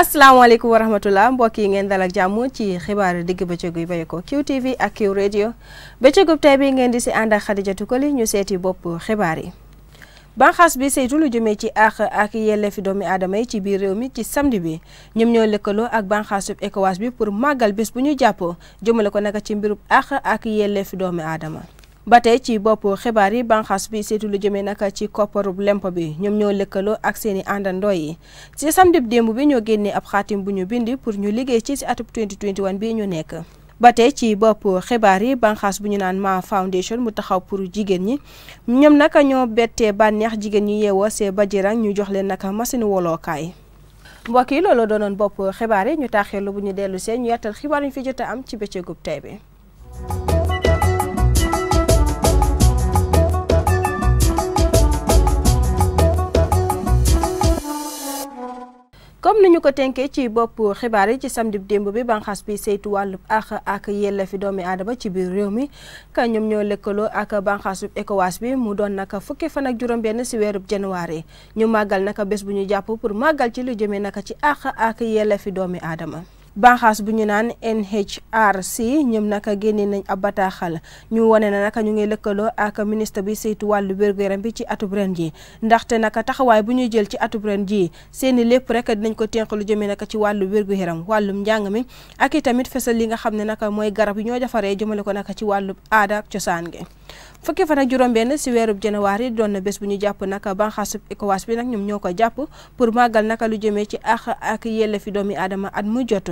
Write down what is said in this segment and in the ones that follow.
asalaamaaleykum wa rahmatulah mbokk yi ngeen dal ak jàmm ci xibaaru digg bëccëg yi bàyyeekoo QTV ak Q ba bëccëgub tey bi ngeen di si ànd ak ko li ñu seeti bopp xibaar yi. banxaas bi saytu lu jëmee ci àq ak yelleefi doomi aadama yi ci biir réew mi ci samdi bi ñoom ñoo lëkkaloo ak banxaasub ECOWAS bi pour màggal bés bu ñu jàppoo jëmale ko naka ci mbirub àq ak yelleefi doomi aadama. ba tey ci bopp xibaar yi banxaas bi seetu lu jëmee naka ci kopparub lemp bi ñoom ñoo lëkkaloo ak seeni àndandoo yi ci samedi démb bi ñoo génnee ab xaatim bu ñu bind pour ñu liggéey ci si atub 2021 bi ñu nekk ba tey ci bopp xibaar yi banxaas bu ñu naan ma foundation bu taxaw pour jigéen ñi ñoom naka ñoo bettee bànneex jigéen ñi yeewoo see bajirang ñu jox leen naka machine wolookaay mbokk yi loolu doonoon bopp xibaar yi ñu taaxeelu bu ñu dellu see ñu yàttal xibaar ñu fi jot a am ci bëccëgub tey bi comme ni ñu ko tenkee ci bopp xibaar yi ci samedi démb bi banxaas bi saytu wàllu àq ak yelleefi doomi aadama ci biir réew mi ka ñoom ñoo lëkkaloo ak banxaasu ECOWAS bi mu doon naka fukki fan ak juróom-benn si weerub yi ñu màggal naka bés bu ñu jàpp pour màggal ci lu jëmee naka ci àq ak fi doomi aadama. baaxaas bu ñu naan NHRC ñoom naka génne nañ ab bataaxal ñu wane na naka ñu ngi lëkkaloo ak ministre bi saytu wàllu wér yaram bi ci atub ren ji ndaxte naka taxawaay bu ñuy jël ci atub ren ji seeni lépp rek dinañ ko tënk lu jëmee naka ci wàllu wér-gu-yaram wàllum njàng mi ak itamit fesal li nga xam ne naka mooy garab yi ñoo defaree jëmale ko naka ci wàllu aada ak cosaan gi fukki fan ak juróom-benn si weerub janwaari doon na bés bu ñu jàpp nag banxaasub ECOWAS bi nag ñoom ñoo ko jàpp pour màggal naka lu jëmee ci àq ak yelleefi doomi aadama at mu jot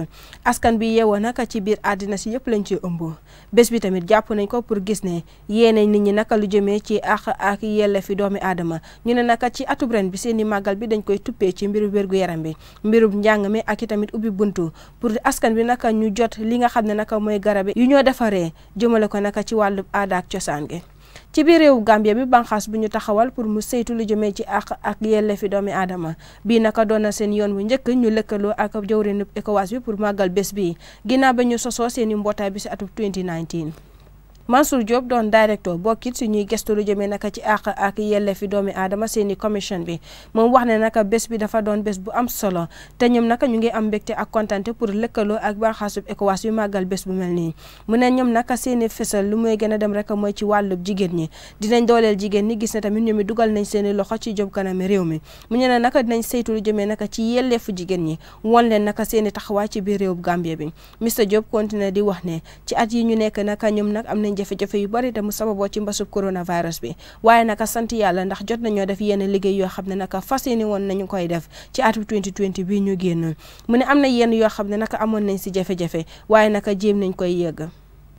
askan bi yeewoo naka ci biir àddina si yëpp lañ ci ëmb bés bi tamit jàpp nañ ko pour gis ne yéene nit ñi naka lu jëmee ci àq ak yelleefi doomi aadama ñu ne naka ci atub ren bi seeni màggal bi dañ koy tuppee ci mbiru wérgu yaram bi mbiru njàng mi ak i tamit ubbi buntu pour askan bi naka ñu jot li nga xam ne naka mooy garabe yu ñoo defaree jëmale ko naka ci wàllu aada ak cosaan gi ci biir réewu Gambia bi banqaas bu ñu taxawal pour mu saytu lu jëmee ci àq ak yelleefi doomi aadama bii naka doon na seen yoon bu njëkk ñu lëkkaloo ak jawrinub ECOWAS bi pour màggal bés bi ginnaaw ba ñu sosoo seeni mbootaay bi si atub 2019 Mansour Diop doon directeur bokkit suñuy gestu lu jëmee naka ci àq ak yelle fi doomi aadama seeni commission bi moom wax ne naka bés bi dafa doon bés bu am solo te ñoom naka ñu ngi am mbégte ak kontante pour lëkkaloo ak barxaasub ECOWAS yu màggal bés bu mel nii mu ne ñoom naka seeni fésal lu muy gën a dem rek mooy ci wàllub jigéen ñi dinañ dooleel jigéen ñi gis tamit ñoom i dugal nañ seeni loxo ci jób kanami réew mi mu ne naka dinañ saytu jëmee naka ci yelleefu jigéen ñi won leen naka seeni taxawaay ci biir réewub Gambie bi Mr Diop continue di wax ne ci at yi ñu nekk naka ñoom nag am nañ nañ jafe yu bari te mu sababoo ci mbasub coronavirus bi waaye naka sant yàlla ndax jot nañoo def yene liggéey yoo xam ne naka fas yéene woon nañu koy def ci atum 2020 bi ñu génnoon mu ne am na yenn yoo xam ne naka amoon nañ si jafe-jafe waaye naka jéem nañ koy yegg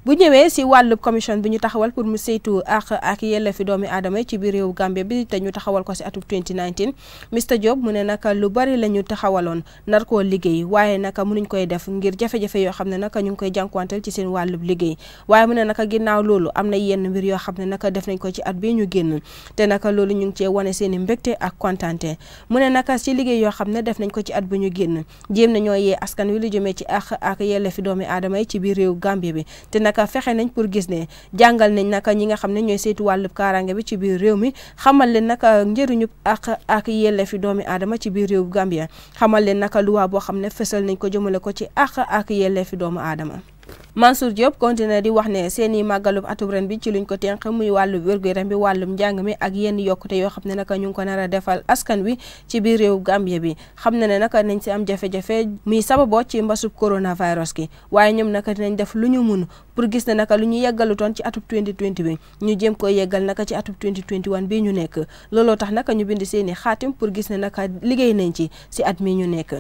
bu ñëwee si wàllu commission bi ñu taxawal pour mu saytu ak ak yelleefi doomi aadama ci biir réew Gambie bi te ñu taxawal ko si atum 2019 Mr Diop mu ne naka lu bari la ñu taxawaloon nar koo liggéey waaye naka mënuñ koy def ngir jafe yoo xam ne naka ñu ngi koy jànkuwanteel ci seen wàllub liggéey waaye mu ne naka ginnaaw am na yenn mbir yoo xam ne naka def nañ ko ci at bi ñu génn te naka loolu ñu ngi cee wane seen i mbégte kontante mu ne naka si liggéey yoo xam ne def nañ ko ci at bi ñu génn jéem nañoo askan wi lu jëmee ci ak ak yelleefi doomi aadama yi ci biir réew Gambie bi te naka naka fexe nañ pour gis ne jàngal nañ naka ñi nga xam ne ñooy saytu wàllub kaaraange bi ci biir réew mi xamal leen naka njëriñu ak ak yelleefi doomi adama ci biir réew Gambia xamal leen naka luwaa boo xam ne fësal nañ ko jëmale ko ci ak ak yelleefi doomu aadama Mansour Diop continué di wax ne seen i màggalub atub ren bi ci luñ ko tënk muy wàllu wér-gu-yaram bi wàllum njàng mi ak yenn yokkute yoo xam ne naka ñu ngi ko nar a defal askan wi ci biir réew Gambie bi xam na ne naka nañ si am jafe-jafe muy sababoo ci mbasub coronavirus gi waaye ñoom naka dinañ def lu ñu mun pour gis ne naka lu ñu yeggalutoon ci atub 2020 bi ñu jéem ko yeggal naka ci atub 2021 bi ñu nekk looloo tax naka ñu bind seen i xaatim pour gis ne naka liggéey nañ ci si at mi ñu nekk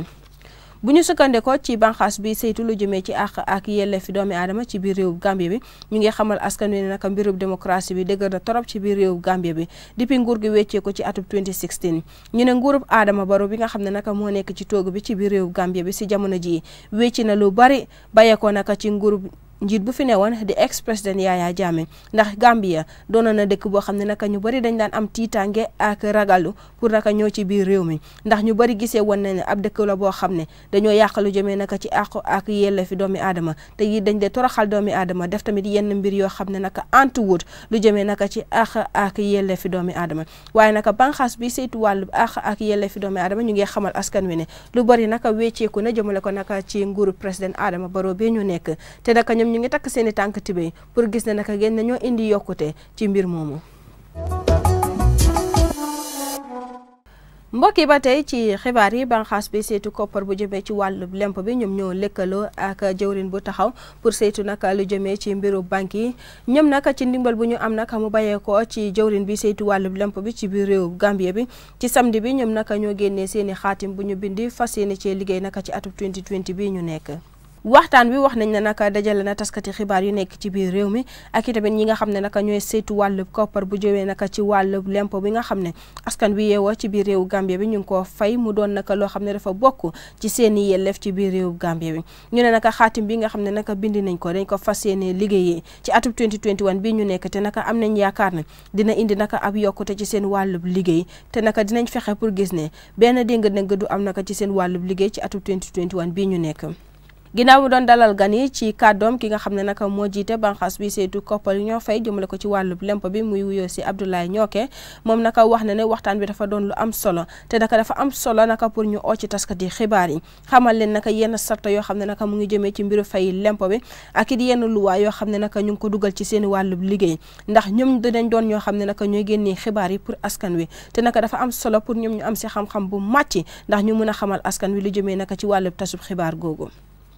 bu ñu sukkandikoo ci banqaas bi saytu lu jëmee ci àq ak yelleefi doomi aadama ci biir réew Gambie bi ñu ngi xamal askan wi ne naka mbirub démocratie bi dëgër na torop ci biir réew Gambie bi depuis nguur gi weccee ko ci atub 2016 ñu ne ngurub Adama Barrow bi nga xam ne naka moo nekk ci toog bi ci biir réew Gambie bi si jamono jii wecci na lu bari bàyyeekoo naka ci nguurub njiit bu fi newoon di ex président Yaya Jammeh ndax Gambia doonoon na dëkk boo xam ne naka ñu bëri dañ daan am tiitaange ak ragalu pour naka ñoo ci biir réew mi ndax ñu bari gisee woon na ne ab dëkk la boo xam ne dañoo yàqalu jëmee naka ci àqu ak yelle fi doomi aadama te yi dañ dee toroxal doomi aadama def tamit yenn mbir yoo xam ne naka antuwut lu jëmee naka ci àq ak yelle fi doomi aadama waaye naka banxaas bi saytu wàllu àq ak yelle fi doomi aadama ñu ngi xamal askan wi ne lu bëri naka wecceeku na jëmale ko naka ci nguru président Adama Barrow be ñu nekk te naka ñoom ñu ngi takk seeni i tànk tibéy pour gis ne naka génn ñoo indi yokkute ci mbir moomu. mbokk yi ba tey ci xibaar yi banqaas bi saytu koppar bu jëmee ci wàllu lemp bi ñoom ñoo lëkkaloo ak jëwrin bu taxaw pour saytu nag lu jëmee ci mbiru banque yi ñoom nag ci ndimbal bu ñu am nag mu bàyyeekoo ci jëwrin bi saytu wàllu lemp bi ci biir réew Gambie bi ci samedi bi ñoom nag ñoo génnee seeni xaatim bu ñu bindi fas yéene ci liggéey nag ci atub 2020 bi ñu nekk. waxtaan wi wax nañ ne naka dajale na taskati xibaar yu nekk ci biir réew mi ak itamit ñi nga xam ne naka ñooy saytu wàllub koppar bu jëwee naka ci wàllub lempo bi nga xam ne askan wi yeewoo ci biir réew Gambie bi ñu ngi koo fay mu doon naka loo xam ne dafa bokk ci seeni yelleef ci biir réew Gambie bi ñu ne naka xaatim bi nga xam ne naka bindi nañ ko dañ ko fas yéene liggéeyee ci atub 2021 bii ñu nekk te naka am nañ yaakaar ne dina indi naka ab yokkute ci seen wàllub liggéey te naka dinañ fexe pour gis ne benn déng-déng du am naka ci seen wàllub liggéey ci atub 2021 bii ñu nekk ginnaaw mu doon dalal gan yi ci kàddoom ki nga xam ne naka moo jiite banqaas bi saytu koppal ñoo fay jëmale ko ci wàllub lempo bi muy wuyoo si Abdoulaye Ñooke moom naka wax na ne waxtaan bi dafa doon lu am solo te naka dafa am solo naka pour ñu oo ci taskati xibaar yi xamal leen naka yenn sarta yoo xam ne naka mu ngi jëmee ci mbiru fay lempo bi ak yenn luwaa yoo xam ne naka ñu ngi ko dugal ci seen wàllub liggéey ndax ñoom dinañ doon ñoo xam ne naka ñooy génnee xibaar yi pour askan wi te naka dafa am solo pour ñoom ñu am si xam-xam bu màcc ndax ñu mun a xamal askan wi lu jëmee naka ci wàllub tasub xibaar googu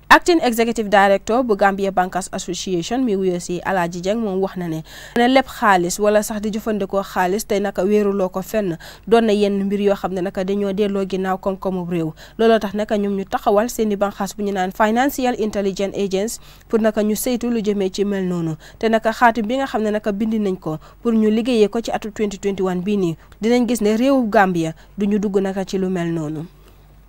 acting executive director bu Gambia Bankers Association mi wuyoo si Alaaji jeg moom wax na ne ne lépp xaalis wala sax di jëfandikoo xaalis te naka weeruloo ko fenn doon na yenn mbir yoo xam ne naka dañoo delloo ginnaaw koom-koomu réew looloo tax naka ñoom ñu taxawal seen i banqaas bu ñu naan Financial Intelligence Agency pour naka ñu seytu lu jëmee ci mel noonu te naka xaatim bi nga xam ne naka bindi nañ ko pour ñu liggéeyee ko ci atu 2021 bii nii dinañ gis ne réewu Gambia duñu dugg naka ci lu mel noonu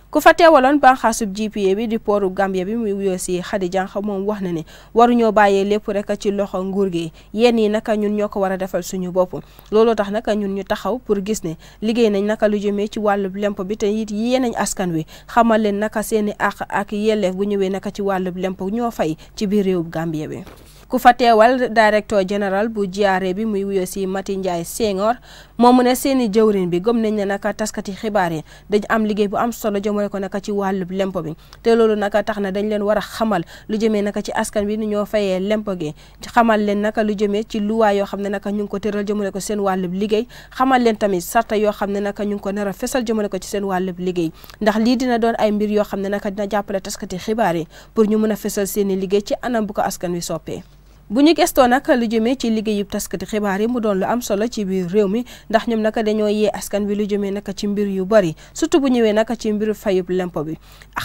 ku fa teewaloon banxaasub GPA bi di pooru Gambia bi muy wuyoo si Khady Diankha moom wax na ne waruñoo bàyyee lépp rek ci loxo nguur gi yéen yi naka ñun ñoo ko war a defal suñu bopp looloo tax naka ñun ñu taxaw pour gis ne liggéey nañ naka lu jëmee ci wàllub lempo bi te it yee nañ askan wi xamal leen naka seeni àq ak yelleef bu ñëwee naka ci wàllub lempo ñoo fay ci biir réewub Gambia bi ku fa teewal directeur général bu GRA bi muy wuyo si Mati Ndiaye Senghor moom mu ne seeni jëwrin bi gëm nañ ne naka taskati xibaar yi dañ am liggéey bu am solo jëmale ko naka ci wàllub lempo bi te loolu naka tax na dañ leen war a xamal lu jëmee naka ci askan bi ni ñoo fayee lempo gi xamal leen naka lu jëmee ci luwaay yoo xam ne naka ñu ngi ko tëral jëmale ko seen liggéey xamal leen tamit sarta yoo xam ne naka ñu ngi a fesal jëmale ko ci seen wàllub liggéey ndax lii dina doon ay mbir yoo xam ne naka dina jàppale taskati xibaar yi pour ñu mën a fesal seeni liggéey ci anam bu ko askan wi soppee bu ñu gestoo nag lu jëmee ci liggéeyub taskati xibaar yi mu doon lu am solo ci biir réew mi ndax ñoom naka dañoo yee askan bi lu jëmee naka ci mbir yu bari surtout bu ñëwee naka ci mbiru fayub lempo bi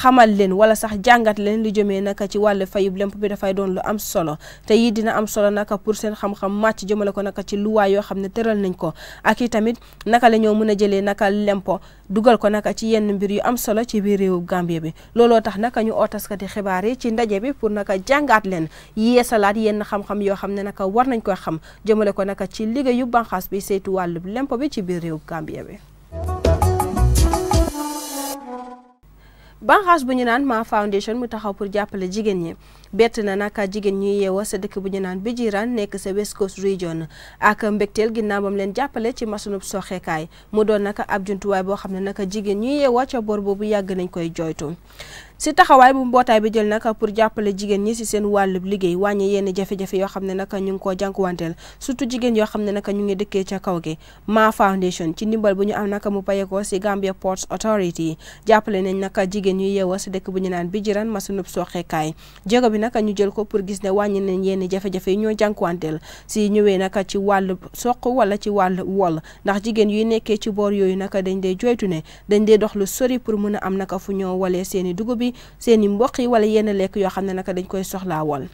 xamal leen wala sax jàngat leen lu jëmee naka ci wàllu fayub lempo bi dafay doon lu am solo te yi dina am solo naka pour seen xam-xam màcc jëmale ko naka ci luwaa yoo xam ne tëral nañ ko ak i tamit naka la ñoo mën a jëlee naka lempo dugal ko nag ci yenn mbir yu am solo ci biir réewu Gambie bi looloo tax nag ñu oo taskati xibaar yi ci ndaje bi pour nag jàngaat leen yeesalaat yenn xam-xam yoo xam ne nag war nañ koy xam jëmale ko nag ci yu banxaas bi saytu wàllu lempo bi ci biir réewu Gambie bi. banxaas bu ñu naan Ma Foundation mu taxaw pour jàppale jigéen ñi. bett na naka jigéen ñuy yeewa sa dëkk bu ñu naan Bijiran nekk sa West Coast Region ak mbégteel ginnaaw bam leen jàppale ci masunub soxeekaay mu doon naka ab jumtuwaay boo xam ne naka jigéen ñuy yeewa ca boor boobu yàgg nañ koy jooytu si taxawaay bu mbootaay bi jël naka pour jàppale jigéen ñi si seen wàllub liggéey wàññi yenn jafe yoo xam ne naka ñu ngi koo jànkuwanteel surtout jigéen yoo xam ne naka ñu ngi dëkkee ca kaw gi Ma Foundation ci ndimbal bu ñu am naka mu payekoo si Gambia Ports Authority jàppale nañ naka jigéen ñuy yeewoo si dëkk bu ñu naan Bijiran masunub soxekaay jéego bi naka ñu jël ko pour gis ne wàññi nañ yenn jafe-jafe yi ñoo jànkuwanteel si ñëwee nag ci wàll soq wala ci wàll wol ndax jigéen yuy nekkee ci boor yooyu nag dañ dee joytu ne dañ dee dox lu sori pour mën a am naka fu ñoo walee seeni dugub yi seen i mboq yi wala yenn lekk yoo xam ne naka dañ koy soxlaa wol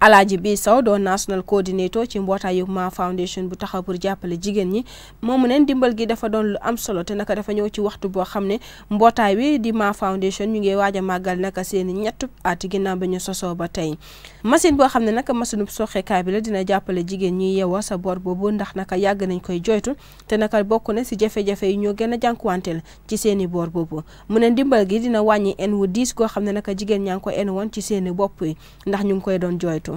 Alaaji Bi Sow doon national coordinator ci mbootaayu Ma Foundation bu taxaw pour jàppale jigéen ñi moo moomu neen dimbal gi dafa doon lu am solo te naka dafa ñëw ci waxtu boo xam ne mbootaay wi di Ma Foundation ñu ngi waaj a màggal naka seen ñett at ginnaaw ba ñu sosoo ba tey machine boo xam ne naka machine bu bi la dina jàppale jigéen ñi yeewoo sa boor boobu ndax naka yàgg nañ koy joytu te naka bokk na si jafe yi ñoo gën a jànkuwanteel ci seen boor boobu mu ne dimbal gi dina wàññi en wu diis goo xam ne naka jigéen ñaa ngi ko en woon ci seeni bopp yi ndax ñu ngi koy doon joytu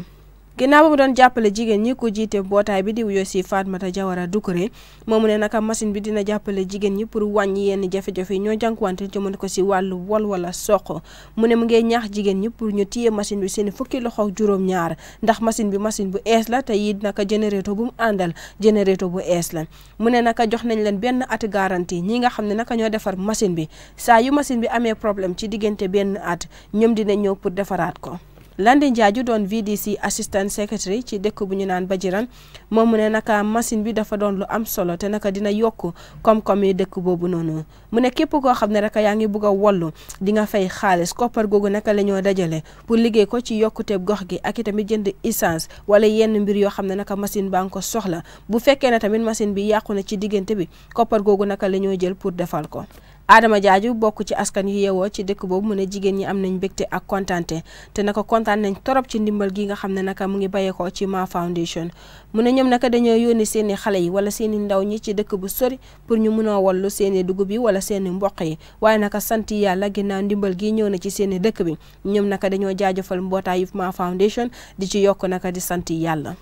ginnaaw ba mu doon jàppale jigéen ñi ko jiitee mbootaay bi di wuyoo si Fatmata Jawara Doucouré mu ne naka machine bi dina jàppale jigéen ñi pour wàññi yenn jafe-jafe yi ñoo jànkuwante jëmale ko si wàllu wala soq mu ne mu ngay ñaax jigéen ñi pour ñu téye machine bi seen fukki loxo ak ñaar ndax machine bi machine bu ees la te it naka générateur bu mu àndal générateur bu ees la mu ne naka jox nañ leen benn at garantie ñi nga xam ne naka ñoo defar machine bi saa yu machine bi amee problème ci diggante benn at ñoom dina ñëw pour defaraat ko Landing Jaaju doon VDC assistant secretary ci dëkk bu ñu naan Bajiran moom mu ne naka machine bi dafa doon lu am solo te naka dina yokk koom-koom yi dëkk boobu noonu mu ne képp koo xam ne rek yaa ngi bugg a wollu di nga fay xaalis koppar googu naka la ñoo dajale pour liggéey ko ci yokkute gox gi ak itamit jënd essence wala yenn mbir yoo xam ne naka machine baa ngi ko soxla bu fekkee ne tamit machine bi yàqu na ci diggante bi koppar googu naka la ñoo jël pour defal ko. Adama Jaaju bokk ci askan yu yeewoo ci dëkk boobu mu ne jigéen ñi am nañ mbégte ak kontaante te naka kontaan nañ torop ci ndimbal gi nga xam ne naka mu ngi bàyyeekoo ci Ma Foundation mu ne ñoom naka dañoo yónni seen i xale yi wala seeni ndaw ñi ci dëkk bu sori pour ñu mun wollu seeni dugub yi wala seeni i mboq yi waaye naka sant yàlla ginnaaw ndimbal gi ñëw na ci seeni dëkk bi ñoom naka dañoo jaajëfal mbootaayu Ma Foundation di ci yokk naka di santi yàlla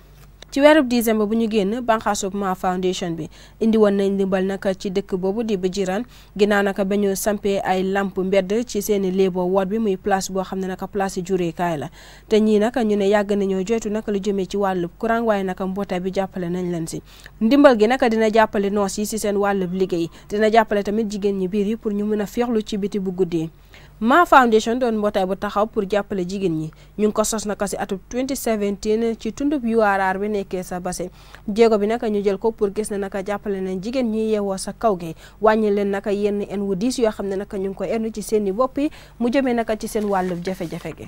ci weerub décembre bu ñu génn banqaasub Ma Foundation bi indi nañ ndimbal naka ci dëkk boobu di Bijiran ginnaaw naka ba sampe ay lamp mbedd ci seeni léebo woot bi muy place boo xam ne naka place jureekaay la te ñii naka ñu ne yàgg nañoo joytu naka lu jëmee ci wàllub courant waaye naka mbootaay bi jàppale nañ leen si ndimbal gi naka dina jàppale noos yi si seen wàllub liggéey dina jàppale tamit jigéen ñi biir yi pour ñu mën a féexlu ci biti bu guddee Ma Foundation doon mbootaay bu taxaw pour jàppale jigéen ñi ñu ngi ko sos naka si atum 2017 ci tundub URR bi nekkee sa base jéego bi naka ñu jël ko pour gis ne naka jàppale nañ jigéen ñi yeewoo sa kaw gi wàññi leen naka yenn en wu diis yoo xam ne naka ñu ngi ko enn ci seen i bopp yi mu jëmee naka ci seen wàllu jafe-jafe gi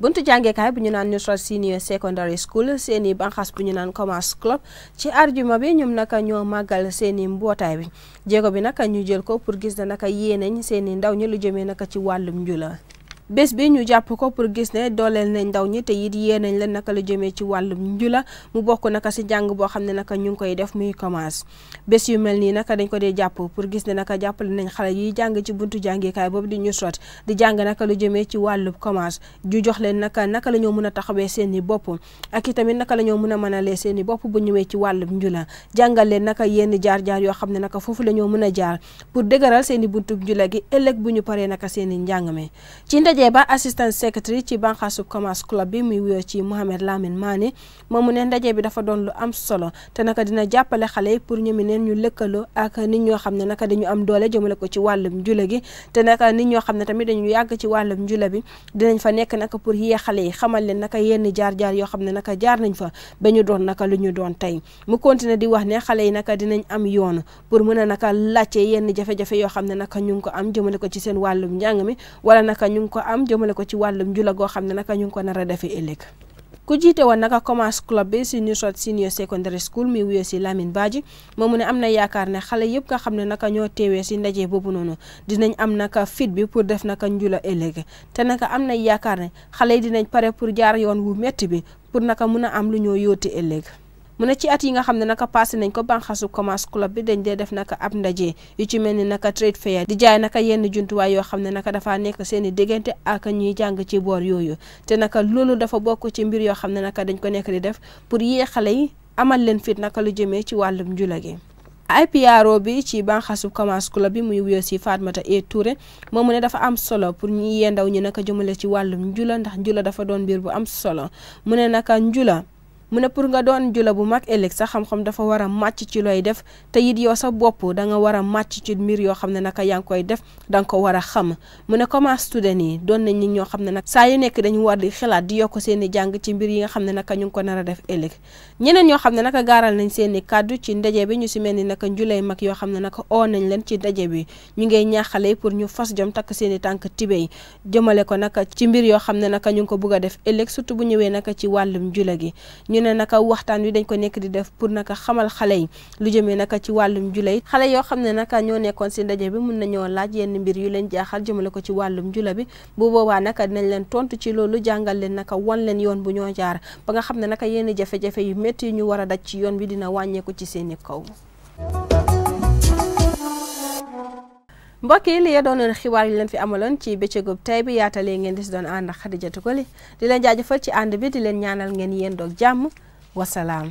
buntu jàngeekaay bu ñu naan Nusrat Senior Secondary School seen i banxaas bu ñu naan Commerce Club ci arjuma bi ñoom naka ñoo màggal seen i mbootaay bi jéego bi naka ñu jël ko pour gis na naka yéenañ seen i ndaw ñi lu jëmee naka ci wàllum njula bés bi ñu jàpp ko pour gis ne dooleel nañ ndaw ñi te it yee nañ leen naka la jëmee ci wàllum njula mu bokk naka si jàng boo xam ne naka ñu ngi koy def muy commence bés yu mel nii naka dañ ko dee jàpp pour gis ne naka jàppale nañ xale yuy jàng ci buntu jàngikaay boobu di ñu sot di jàng naka lu jëmee ci wàllum commence ju jox leen naka naka la ñoo mën a taxawee seen i bopp ak itamit naka la ñoo mën a mënalee lee seeni bopp bu ñëwee ci wàllum njula jàngal leen naka yenn jaar-jaar yoo xam ne naka foofu lañoo ñoo mën a jaar pour dëgëral seeni i buntu njula gi ëllëg bu ñu paree naka seeni i njàng mi Ajay Ba assistant secretary ci banqaasu commerce club bi muy wuyoo ci Mohamed Lamine Mané moom mu ne ndaje bi dafa doon lu am solo te naka dina jàppale xale yi pour ñoom neen ñu lëkkaloo ak nit ñoo xam ne naka dañu am doole jëmale ko ci wàllum njula gi te naka nit ñoo xam ne tamit dañu yàgg ci wàllum njula bi dinañ fa nekk naka pour yee xale yi xamal leen naka yenn jaar-jaar yoo xam ne naka jaar nañ fa ba ñu doon naka lu ñu doon tey mu continué di wax ne xale yi naka dinañ am yoon pour mën a naka laajte yenn jafe-jafe yoo xam ne naka ñu ngi ko am jëmale ko ci seen wàllum njàng mi wala naka am jëmale ko ci wàllum jula goo xam ne naka ñu ngi ko nar a defee ëllëg ku jiite woon naka commerce club bi si New Short senior secondary school mi wuyoo si Lamine Badji moom mu ne am na yaakaar ne xale yëpp nga xam ne naka ñoo teewee si ndaje boobu noonu dinañ am naka fit bi pour def naka njula ëllëg te naka am na yaakaar ne xale yi dinañ pare pour jaar yoon wu métti bi pour naka mun a am lu ñoo yóoti ëllëg. mu ne ci at yi nga xam ne naka passé nañ ko banxasu commence club bi dañ dee def naka ab ndaje yu ci mel ni naka trade fair di jaay naka yenn juntuwaay yoo xam ne naka dafaa nekk seen i diggante ak ñuy jàng ci boor yooyu te naka loolu dafa bokk ci mbir yoo xam ne naka dañ ko nekk di def pour yee xale yi amal leen fit naka lu jëmee ci wàllum njula gi bi ci banxasu commerce club bi muy wuyoo si Fatmata E Touré moom mu ne dafa am solo pour ñi yendaw ñi naka jëmale ci wàllum njula ndax jula dafa doon mbir bu am solo mu ne naka njula mu ne pour nga doon jula bu mag ëllëg sa xam-xam dafa war a màcc ci looy def te it yow sa bopp da nga war a màcc ci mbir yoo xam ne naka yaa ngi koy def da nga ko war a xam mu ne comment student yi doon nañ nit ñoo xam ne nag saa yu nekk dañu war di xalaat di yokk seen jàng ci mbir yi nga xam ne naka ñu ngi ko nar def ëllëg ñeneen ñoo xam ne naka gaaral nañ seen i kàddu ci ndaje bi ñu si mel ni naka njulay mag yoo xam ne naka oo nañ leen ci ndaje bi ñu ngay ñaaxale pour ñu fas jom takk seen tànk tibéy jëmale ko naka ci mbir yoo xam ne naka ñu ngi ko bugg a def ëllëg surtout bu ñëwee naka ci wàllum jula gi ñu ne naka waxtaan wi dañ ko nekk di def pour naka xamal xale yi lu jëmee naka ci wàllum julay xale yoo xam ne naka ñoo nekkoon si ndaje bi mun nañoo laaj yenn mbir yu leen jaaxal jëmale ko ci wàllum jula bi bu boobaa naka dinañ leen tontu ci loolu jàngal leen naka wan leen yoon bu ñoo jaar ba nga xam ne naka yenn jafe-jafe yu métti yu ñu war a daj ci yoon bi dina wàññeeku ci seeni kaw mbokk yi li ya doonoon xibaar yi leen fi amaloon ci bëccëgub tey bi yaatalee ngeen di si doon ànd ak Xadijatu Koli di leen jaajëfal ci ànd bi di leen ñaanal ngeen yéen doog jàmm wasalaam